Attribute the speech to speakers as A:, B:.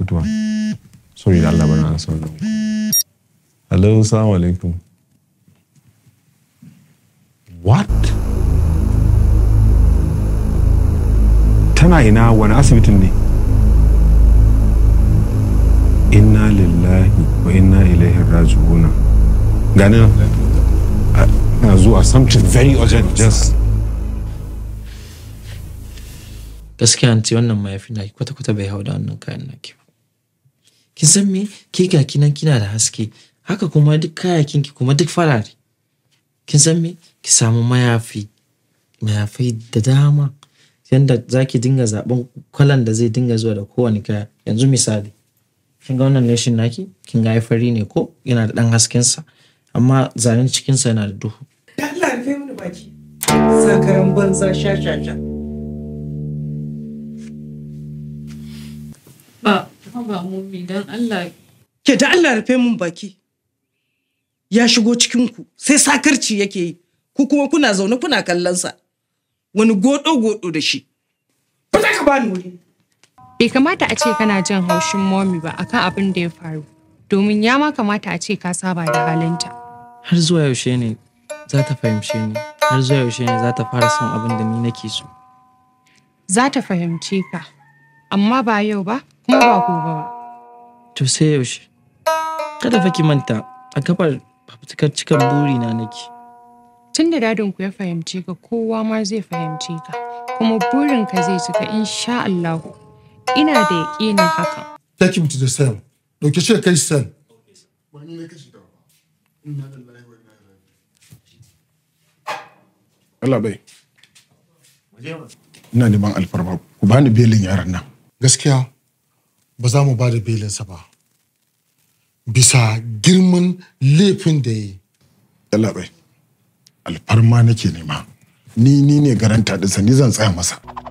A: one. sorry da never answer. son nan hello assalamu alaikum what tana ina wani asibitin ne inna lillahi wa inna ilaihi raji'una gani nan na zuwa something very urgent just gaskiya ce wannan mayafi na kwata-kwata bai hau da wannan kayan naki ba kin san me ke ga kinan kina da haske haka kuma duk kayakin ki kuma duk farare kin san me ki samu mayafi mayafi da dama yanda zaki dinga zaben kwalan da zai dinga zuwa da kowane kaya yanzu misali kin ga wannan leshin naki kin ga fari ne ko yana da dan hasken sa amma zanen cikin sa yana da duhu
B: Allah rufe mini baki sakaran banza sha
A: ba mummi don Allah. Ke da Allah rufe mun baki. Ya shigo cikin ku sai sakarci
B: yake yi, ku kuma kuna zaune kuna kallonsa. Wani godo-godo da shi. Ba za ka bani wuri. Bai kamata a ce kana jin haushin momi ba akan abin da ya faru, domin ya ma kamata a ce ka saba da halinta.
A: Har zuwa yaushe ne za ta fahimce ni, har zuwa yaushe ne za ta fara son abin da ni nake so.
B: Za ta fahimce ka, amma ba yau ba, Ni ba ko ba.
A: To sai yaushe. Kada fa ki manta a kafar fafutukar cikan buri na nake.
B: Tun da dadinku ya fahimce ka kowa ma zai fahimce ka kuma burin ka zai cika insha Allah. Ina da yaƙinin haka.
A: Take mutu da the Dauke shi kai cell. Wani ne Allah bai. Ina neman alfarma ku bani belin yaran nan. Gaskiya ba za mu ba da belinsa ba bisa girman laifin da yi alfarma nake nema ni ne garanta da ni zan tsaya masa